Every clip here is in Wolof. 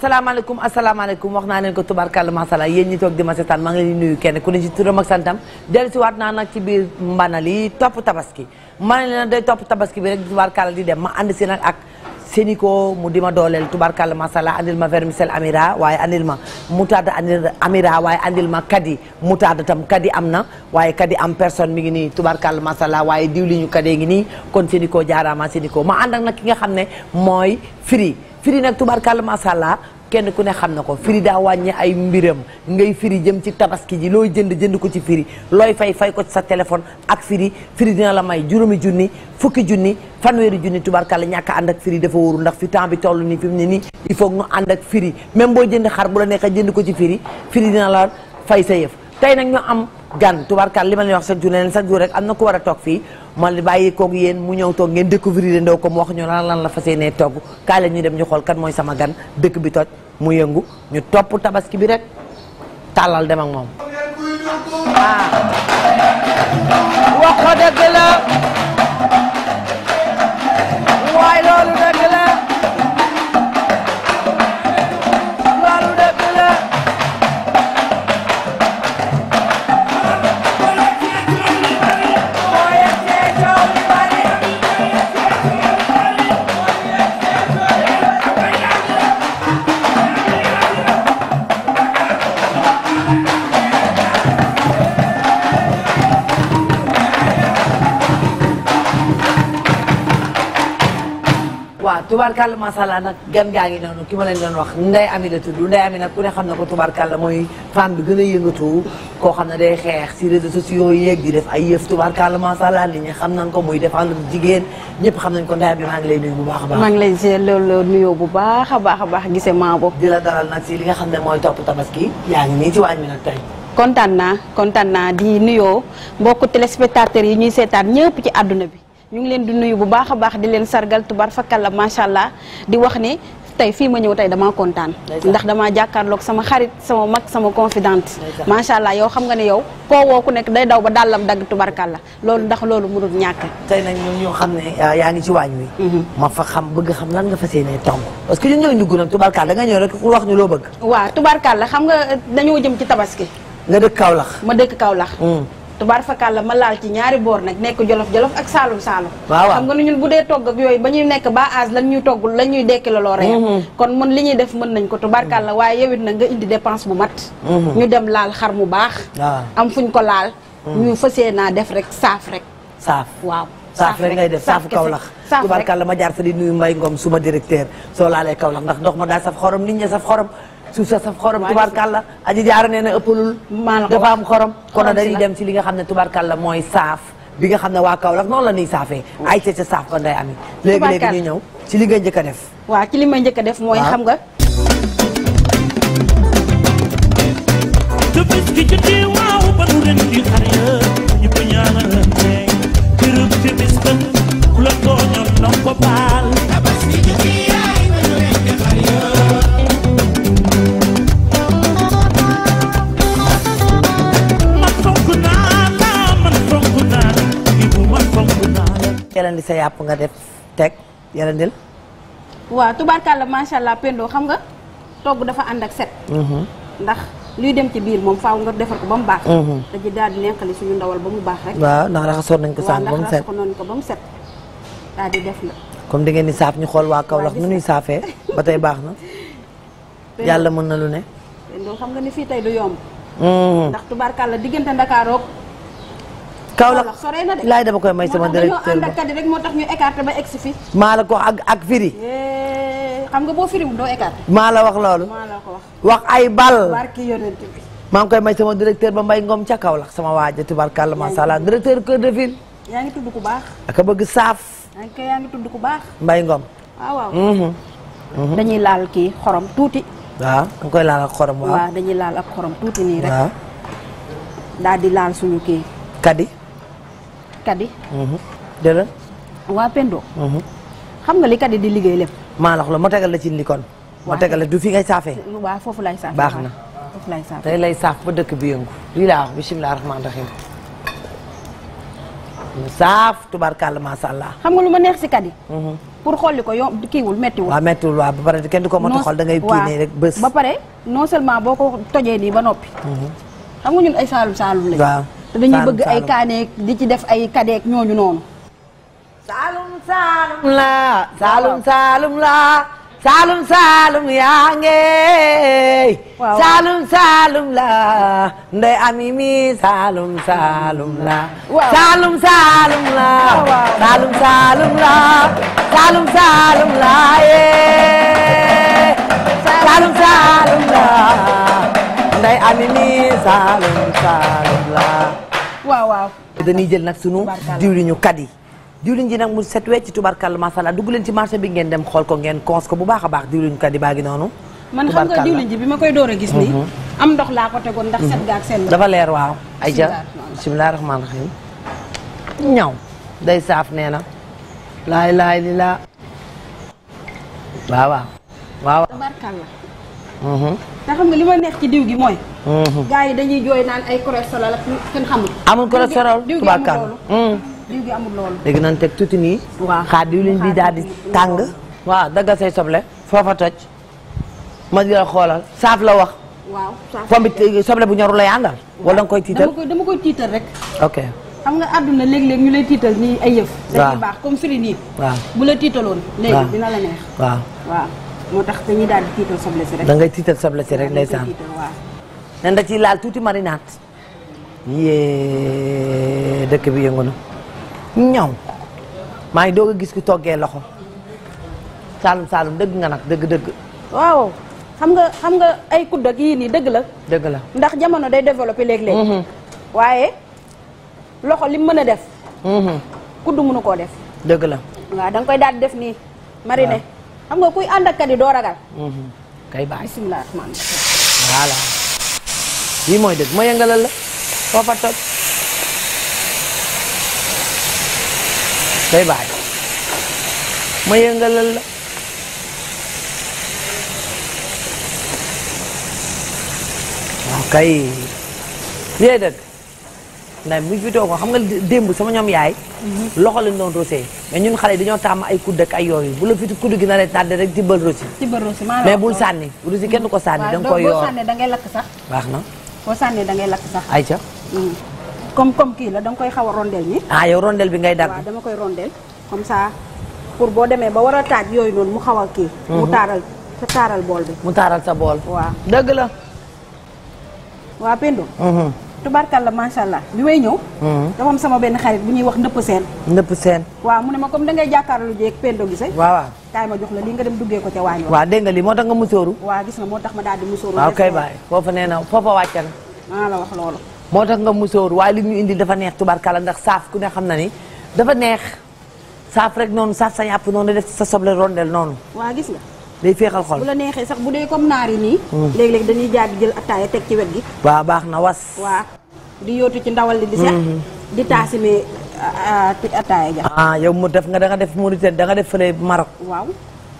asalaamaaleykum asalaamaaleykum wax naa leen ko tubarkàlla masala yéen ñi toog di ma seetaan maa ngi nuyu kenn ku ne ci turam ak santam dellu si waat naa nag ci biir mbanal yi topp tabaski ma ne leen topp tabaski bi rek tubarkàlla di dem ma ànd si nag ak Sénico mu di ma dooleel tubarkàlla masala andil ma vermicelle amira waaye andil ma moutarde amira waaye andil ma kadi moutarde tam kadi am na waaye kadi am personne mi ngi nii tubarkàlla masala waaye diwli ñu kadee ngi nii kon Sénico jaaraama Sénico ma ànd ak nag ki nga xam ne mooy Firi firi nag tubaarkàlla macha allah kenn ku ne xam na ko firi daa wàññi ay mbiram ngay firi jëm ci tabaski ji looy jënd jënd ko ci firi looy fay fay ko ci sa téléphone ak firi firi dina la may juróomi junni fukki junni fanweeri junni tubarkalla ñàkk ànd ak dafa wóoru ndax fi bi toll nii fi mu ne nii il faut ñu ànd ak firi même boo bu la neexee jënd ko ci firi firi la fay sa yëf tey nag ñu am gan tubarkalla li ma leen wax chaque jour leen sa jour rek am na ku war a toog fii ma bàyyi koog yéen mu ñëw toog ngeen découvrir ndaw ko mu wax ñu lan lan la fa yéenee togg kaay la ñu dem ñu xool kan mooy sama gan dëkk bi toj mu yëngu ñu topp tabaski bi rek tàllal dem ak moom. waaw wax ko dëgg la. tubaarkàlla masala nag gan gaa ngi noonu ki ma leen doon wax Ndeye Amy la tudd Ndeye Amy nag ku ne xam na ko tubaarkàlla mooy femme bi gën a yëngatu koo xam ne day xeex ci réseaux sociaux yeeg di def ay xam nañ ko muy défendre jigéen ñëpp xam nañ ko Ndeye ngi lay nuyu bu baax a baax maa ngi lay loolu nuyoo bu baax a a baax gise maa bo di li nga xam ne mooy topp tabaski yaa ngi nii ci waañ mi nag tey kontaan naa kontaan naa di nuyoo mbokku téléspectateurs yi ñuy seetaan ñëpp ci àdduna bi ñu ngi leen di nuyu bu baax a baax di leen sargal tubar fakkalla macha allah di wax ni tey fii ma ñëw tey damaa kontaan ndax damaa jàkkaarloog sama xarit sama mag sama confidente macha allah yow xam nga ne yow koo woo ku nekk day daw ba dàllam dagg tubarkalla loolu ndax loolu mënul ñàkk tey nag ñun ñoo xam ne ah, yaa ngi ci waañ wi mhm. ma fa xam bëgg xam lan nga fa yéene tomb parce que ñun ñoo ñu gën a tubarkalla da nga ñëw rek wax ñu loo bëgg waa tubarkalla xam nga dañoo jëm ci tabaski nga dëkk Kaolack ma dëkk Kaolack mm. tubaar fakàlla ma laal ci ñaari boor nag nekk jolof-jolof ak saalum-saalum waaw xam nga ne ñun bu dee togg ak yooyu ba ñuy nekk ba âge lan ñuy togg lan ñuy dekki la loo rey mhm. kon mën li ñuy def mën nañ ko tubaarkàlla waaye yowit na nga indi dépense bu mat mhm. ñu dem laal xar mu baax am fuñ ko laal mhm. ñu fasee naa def rek saaf rek saaf waaw saaf rek ngay def saafu Kaolack tubaarkàlla ma jaar sa di nuyu Mbaye Ngom suma directeur soo laalee Kaolack ndax ndox ma daa saf xorom nit ñi saf xorom suuf sa saf xorom tubaarkàlla aji jaara nee na ëppalul dafa am xorom kono dañuy dem ci li nga xam ne la mooy saaf bi nga xam ne waa Kaolack noonu la ñuy saafee ay ca ca saaf ko nday ami léegi-léegi ñu ñëw ci li nga jëkk a def waa ci li may njëkk def mooy xam nga Bye. sa yàpp nga def teg yarandil waaw tubaarkàlla macha allah Pendo xam nga togg dafa ànd ak set mm-hmm. ndax luy dem ci biir moom faaw nga defar ko ba mu baax dañu mm-hmm. dal di nekkali suñu ndawal ba mu baax rek waaw ndax raxasoon nañ ko sànq ba mu set waaw ko ba mu set di def la comme da ngeen di saaf ñu xool waa Kaolack nu ñuy saafee ba tey baax na yàlla mën na lu ne Pendo xam nga ni fii tey du yomb mm-hmm. ndax tubaarkàlla diggante Ndakaarook Kaolack laay dama koy may sama directeur ba maa la ko wax ak ak firi eh, xam nga boo firiwul doo maa la wax loolu wax ay bal maa ngi koy may sama directeur ba mbay ngoom ca Kaolack sama waaja tubarkalla masha Allah directeur Cœur de Ville yaa ngi tudd ku baax aka bëgg saaf yaa ngi baax mbay ngoom waaw waaw mhm. Mhm. dañuy laal kii xorom tuuti waaw da koy laal ak xorom waaw dañuy laal ak xorom tuuti nii rek daal di laal suñu kii kadi kat yi. jërëjëf. waa Pendo. Mhm. xam nga li kat di liggéey lépp. maa la ma tegal la ci li kon. ma tegal la du fi ngay saafee. waaw foofu lay saafee baax na. foofu lay saafee tey saaf ba dëkk bi yëngu. lii laa wax bisimilah rahmaani rahiim. mu saaf tubaarkàlla macha allah. xam nga lu ma neex si kat yi. Mhm. pour xolli ko yomb kiiwul méttiwul. waaw méttiwul waaw ba pare kenn du ko mot a xool da ngay rek bés. ba pare non seulement boo ko tojee nii ba noppi. Mhm. xam nga ñun ay saalum saalum lañu. te dañuy bëgg ay kaaneek di ci def ay kadeek ñooñu noonu. saalum saalum laa saalum saalum laa saalum saalum yaa ngee. waaw saalum saalum laa ndey ami saalum saalum laa. la waaw waaw dañuy jël nag sunu diwliñu kat yi diwliñ ji nag mu set wecc tubarkalla masala dugg leen ci marché bi ngeen dem xool ko ngeen cons ko bu baax a baax diwliñu kat baa ngi noonu man xam nga diwliñ ji bi ma koy door gis nii mhm. am ndox laa ko tegoon ndax set mhm. dafa leer waaw ay ja bismillah rahmaan rahim ñaw day saaf nee na laay laay li laa waaw waaw Uh-huh. te xam nga li ma neex ci diw gi mooy. Uh-huh. gars yi dañuy jooy naan ay cholestérol ak kenn xamul. amul cholestérol tubaarkàlla mm. diw gi amul loolu. léegi nañ teg tuuti nii. xaar diwlin bi daal di tàng. waaw daggal say soble. foofa toj. ma di la xoolal saaf la wax. waaw saaf bi soble bu ñorul la yàndal. wala da nga koy tiital dama koy tiital rek. ok xam nga àdduna léeg-léeg ñu lay tiital nii ay yëf. dañuy baax comme firi nii. waaw bu la tiitaloon. léegi dina la neex. waaw moo tax dañuy daal tiital soble si rek. da ngay tiital soble si rek ndeysaan. nan da ci laal tuuti marinade. yee dëkk bi yëngu na. ñaw maa ngi doog a gis ku toggee loxo. saalum saalum dëgg nga nag dëgg dëgg. waaw xam nga xam nga ay kudd ak yii nii dëgg la. dëgg la ndax jamono day développé léeg-léeg. Mm-hmm. waaye loxo li mën a def. Mm-hmm. kudd mënu koo def. dëgg la. waa danga koy daal di def nii. mariné. xam nga kuy ànd ak kadi doo ragal. Mhm. kay baax bisimilah rahmaani rahiim. voilà. lii mooy dëgg ma yëngalal la foofa toj. kay baax ma yëngalal la. kay. lii dëgg. ndax mu fi toog xam nga démb sama ñoom yaay. Mhm. loxo lañ doon roosee. mais ñun xale yi dañoo tàmm ay kudd ak ay yooyu bu la fiti kudd gi na ne tàdd rek tibbal rosi tibbal rosi mais bul sànni rosi kenn ko sànni da nga koy yoor baax na boo sànnee dangay ngay lakk sax ay ca mm. comme comme kii la da koy xaw a rondel ni ah yow bi ngay dagg waaw dama koy rondel comme sa pour boo demee ba war a taaj yooyu noonu mu xaw a kii mhm. mu taaral sa taaral bool bi mu taaral sa bool waaw dëgg la waa Pendo mhm. tubarkalla macha allah bi may ñëw. Hmm. dama am sama benn xarit bu ñuy wax ndëpp seen. ndëpp seen. waa mu ne ma comme dangay jàkkaarloo jéeg Pendo Guissé. waaw waaw kaay ma jox la lii nga dem duggee ko ca waañ waaw dégg nga lii moo tax nga musóoru. waaw gis moo tax ma daal di musóoru. waaw kay baay foofa nee na foofa wàcc la wax loolu. moo tax nga musóoru waaye li ñu indi dafa neex tubarkalla ndax saaf ku ne xam na ni dafa neex saaf rek noonu saaf sa yàpp noonu def sa soble rondel noonu. waaw gis nga day féexal xol bu la neexee sax bu dee comme naar yi nii. Hmm. léeg-léeg dañuy jaag jël attaaya teg ci wet gi. waaw baax na was. waaw di yootu ci ndawal li di sax. Hmm. di taasimee attaaya ja. ah yow mu def nga da nga def Mauritanie da nga def fële Maroc. waaw.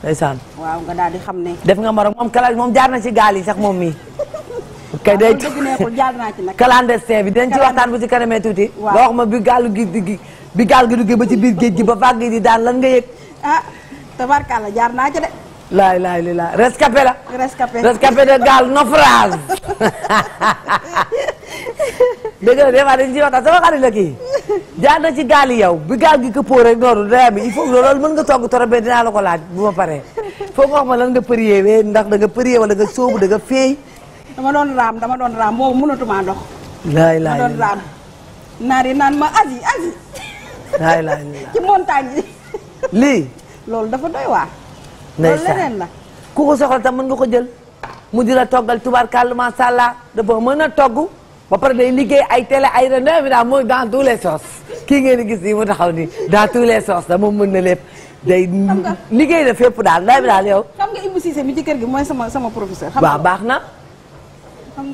ndeysaan. waaw nga daal di xam ne. def nga Maroc moom kala moom jaar na ci gaal yi sax moom mii. kay day jaar naa ci nag. bi dinañ ci waxtaan bu ci kanamee tuuti. waaw nga wax ma bi gaal gi gi bi gaal gi duggee ba ci biir géej gi ba vague yi di daan lan nga yëg. ah tabarkalla jaar naa ci de. laay laay li laay rescapé la. rescapé rescapé de gaal naufrage. dégg nga des fois dañ ciy waxtaan sama xarit la kii. jaar na ci gaal yi yow bi gaal gi këppoo rek noonu daya bi il faut loolu mën nga togg torobee dinaa la ko laaj bu ma paree. foog nga wax ma lan nga prier wee ndax da nga prier wala da nga sóobu da nga feey. dama doon raam dama doon raam boobu mënatuma ndox. laay laay ma doon raam. naar yi naan ma asi asi. laay laay ci montagne yi. lii. loolu dafa doy waar. ndeysaan la ku ko soxla tam mën nga ko jël mu di la toggal tubarkàlla macha allah dafa mën a togg ba pare day liggéey ay télé ay rende bi daal mooy dans kii ngeen di gis nii mu taxaw nii dans tous les sens da moom mën na lépp day liggéey na fépp daal ndey bi daal yow xam nga Ibou Cissé gi mooy sama sama professeur waaw baax na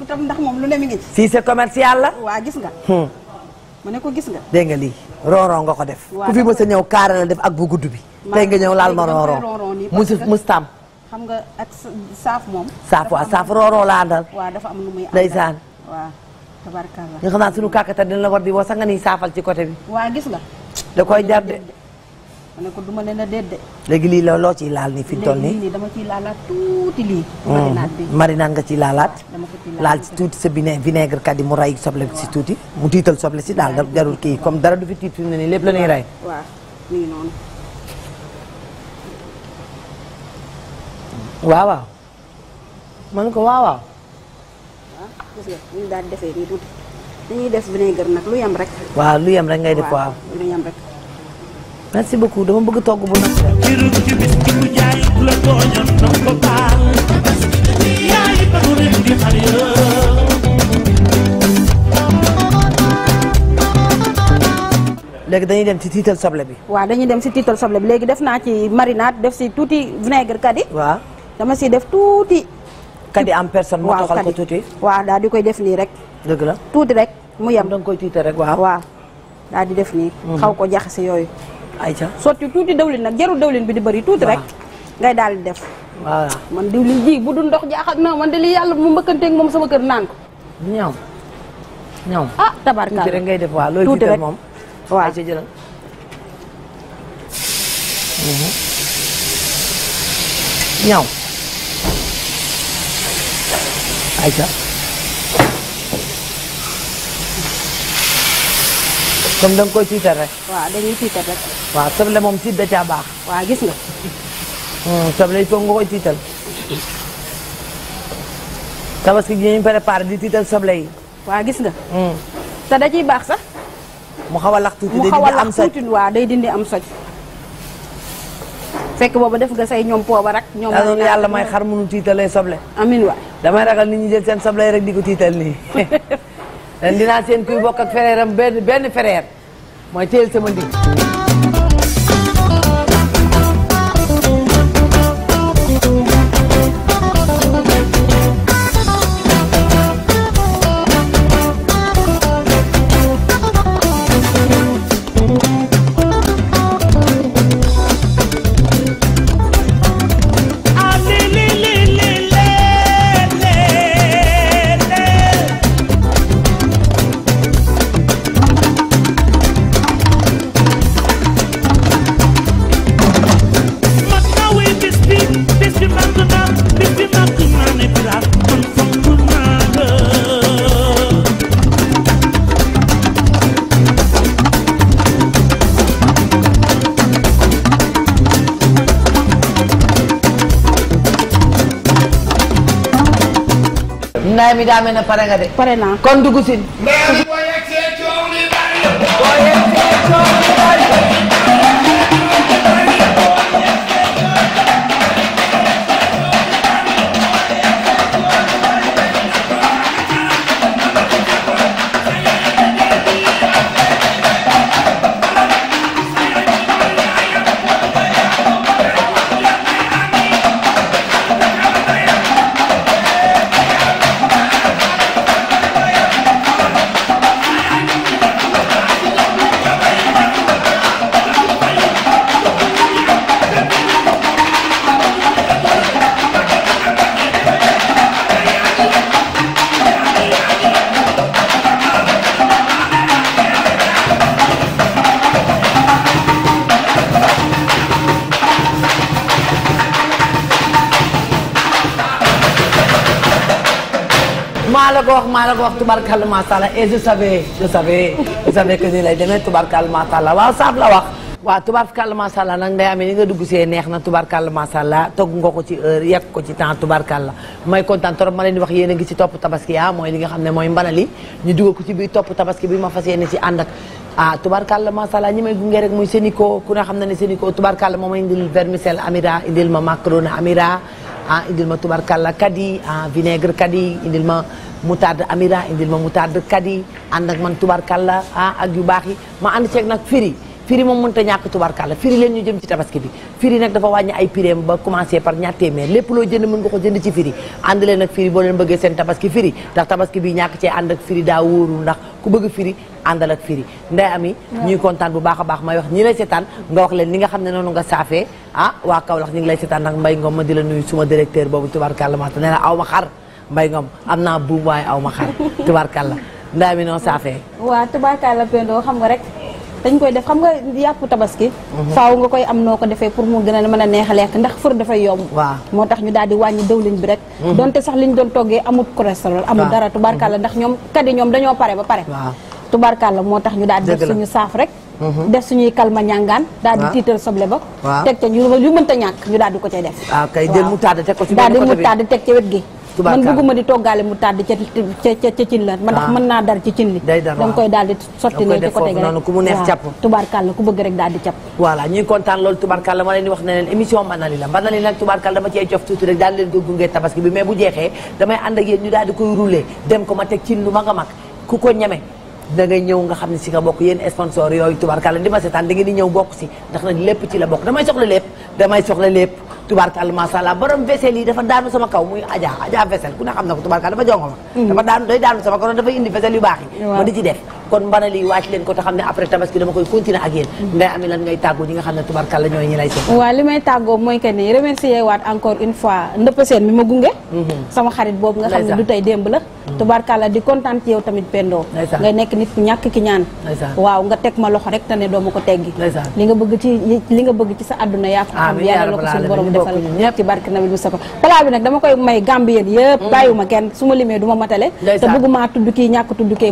xam ndax moom lu ne mi ngi ci commercial la waa gis nga mu hmm. ne ko gis nga dégg nga lii rooroo nga ko def ku fi mës sa ñëw kaara def ak bu gudd bi tey nga ñëw laal ma ronron musi mustaam xam nga ak saaf moom saaf waaw saaf ronron laa àndal waaw dafa am lu xam naa suñu kàkkata dina la war di woo sax nga ni saafal ci côté bi waaw gis nga da koy jar de ma ne ko duma ne na déedéet léegi lii loo ciy laal nii fi mu toll nii dama ciy laalaat tuuti lii marinade hmm. nga ci laalaat laal ci tuuti sa vinaigre vinaigre kat yi mu ray soble si tuuti mu tiital soble si daal jarul kii comme dara du fi tiit fi nii lépp la ñuy rey waaw man ko waaw waaw. waaw gis nga ñu daal defee nii tuuti dañuy def vinaigre nag lu yem rek. waaw lu yem rek ngay def waaw lu yem rek. merci beaucoup dama bëgg togg bu nag. ko baal. yaay ba du léegi dañuy dem ci tiital soble bi. waaw dañuy dem si tiital soble bi léegi def naa ci marinade def ci tuuti vinaigre kadi. waaw. dama siy def tuuti. kadi am personne moo taxal ko tuuti waa daal di koy def nii rek. dëgg la tuuti rek mu yem. da nga koy tuuti rek waaw. waaw daal di def nii. Mhm. xaw ko jaxase yooyu. ayca sotti tuuti dawlin nag jarul dawlin bi di bëri tuuti rek. ngay daal di def. waaw man diwlin ji bu dul ndox jaaxal na man de li yàlla mu mbëkkanteeg moom sama kër naan ko. ñaw ñaw. ah tabarkaale rek ngay def waaw loolu tuuti rek moom. waaw ayca mhm. ñaw. Aïcha comme da nga koy tiital rek. waaw dañuy tiital rek. waaw soble moom tiit da caa baax. waaw gis nga. Hmm, soble yi foog nga koy tiital. gi ñu préparé di tiital soble yi. waaw gis nga. Hmm. te da baax sax. mu xaw a lax tuuti day dindi am soj waaw fekk boobu def nga say ñoom pooba rek. ñoom yàlla may xar munu tiitalee soble. amiin waay. damay ragal nit ñi jël seen sablay rek diko ko tiital nii dinaa seen kuy bokk ak am benn benn fereer mooy téyel sama ndig ndaay mi daa pare nga de. pare naa kon dugg si. ndaay mi boo yegsee maa la ko wax maa la ko wax tubarkal masala et eh, je savais je savais je savais que ni lay demee tubarkal masala waaw saab waa wax waaw tubarkal masala nag day amee ni nga dugg see neex na tubarkal masala togg nga ko ci heure yekk ko ci temps tubarkal la may kontaan trop ma leen di wax yéen a ngi ci topp tabaski ya ah, mooy li nga xam ne mooy mbanali ñu dugal ko ci biir topp tabaski bi ma fas yéene ci ànd ak ah tubarkalla masala ñi may gunge rek muy Sénico ku xam na ne Sénico tubarkalla moom indil vermicelle amira indil ma macaroni amira ah indil ma tubarkalla kadi ah vinaigre kadi indil ma moutarde amira indil ma moutarde kadi ànd ak man tubaar kalla ah, ak yu baax yi ma ànd ceeg nag firi firi moom mënut a ñàkk tubarkalla firi leen ñu jëm ci tabaski bi firi nag dafa wàññi ay pireem ba commencé par ñaar téeméer lépp loo jënd mën nga ko jënd ci firi ànd leen ak firi boo leen bëggee seen tabaski firi ndax tabaski bi ñàkk cee ànd ak firi daa wóorul ndax ku bëgg firi àndal ak firi nday ami ñu kontaan bu baax a baax may wax ñi lay seetaan nga wax leen li nga xam ne noonu nga saafee ah waa Kaolack ñi ngi lay seetaan nag mbay di la nuyu suma directeur boobu tubarkalla ma te nee na aw ma xar Mbaye Ngom am naa buub waaye aw ma xar tubaarkàlla ndaa mi noo saafee waaw tubaarkàlla Pendo xam nga rek dañ koy def xam nga yàpp tabaski mhm. faaw nga koy am noo ko defee pour mu gën a mën a neex a lekk ndax fër dafay yomb waaw moo tax ñu daal di wàññi dëwlin bi rek mhm. donte sax liñ doon toggee amul cholestérol amul dara tubaarkàlla mhm. ndax ñoom kadi ñoom dañoo pare ba pare la moo tax ñu daal di def suñu saaf rek def suñuy kal kalma ñàngaan daal di tiital soble ba teg ca ñu mënta ñàkk ñu daal di ko cay def ah, waaw kay ko ci benn bi daal di mu teg ca wet gi man bëgguma di toggaale mu tàdd ca ca cin la. ma ndax ah. mën naa dar ci cin li. day da nga koy daal di sotti ne ci côté noonu ku mu neex càpp tubaarkàlla ku bëgg rek daal di càpp voilà ñuy kontaan loolu tubaarkàlla ma leen di wax ne émission mbanali la mbanali nag tubaarkàlla dama cee cof tuuti rek daal ko gunge tabaski di ko ma teg cin lu a ku ko ñeme da ngay ñëw nga xam ne si nga bokk yéen sponsor yooyu tubaarkàlla di ma bokk si ndax lépp ci la bokk damay soxla lépp damay soxla lépp tubaarkàlla macha allah borom vaisselle yi dafa daanu sama kaw muy Adja Adja vaisselle ku ne xam na ko tubaarkàlla dafa jongo ma mm-hmm. dafa daanu day daanu sama kaw dafa indi vaisselle yu baax yi di ci def kon mbana li leen ko te xam ne après tabaski dama koy mm-hmm. may tàggoo mooy que ma gunge mm-hmm. sama xarit boobu nga xam ne du tey démb la mm-hmm. tubarkalla di kontaan ci yow tamit pendoo nga nekk nit ku ñàkk ki ñaan waaw nga teg ma loxo rek te ne doo ma ko teggi li nga bëgg ci li nga bàyyiwuma kenn su ma limee du matale te bëgguma tudd kii ñàkk tudd kii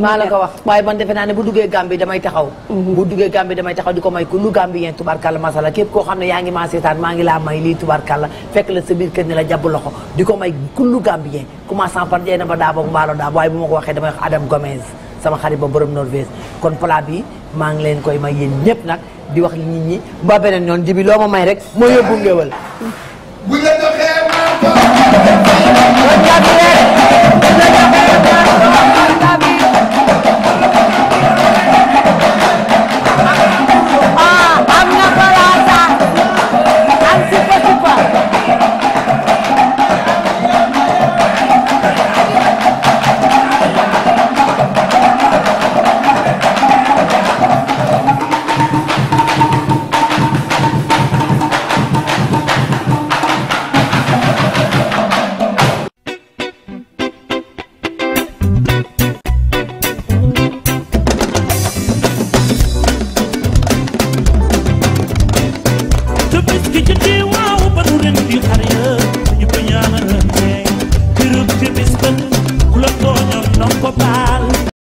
defe naa ne bu duggee Gambie damay taxaw mhm. bu duggee Gambie damay taxaw di ko may ku lu Gambien tubarkalla masala képp koo xam ne yaa ngi maa seetaan maa ngi laa may lii tubarkalla fekk la sa biir kër ne la jàpp loxo di ko may ku lu Gambien commençant par ba daa mbaalo daa waaye bu ma ko waxee damay Adam Gomez sama xarit ba borom Norvège kon plat bi maa ngi leen koy may yéen ñëpp nag di wax nit ñi ba beneen yoon jibi loo ma may rek moo yóbbu ngéwal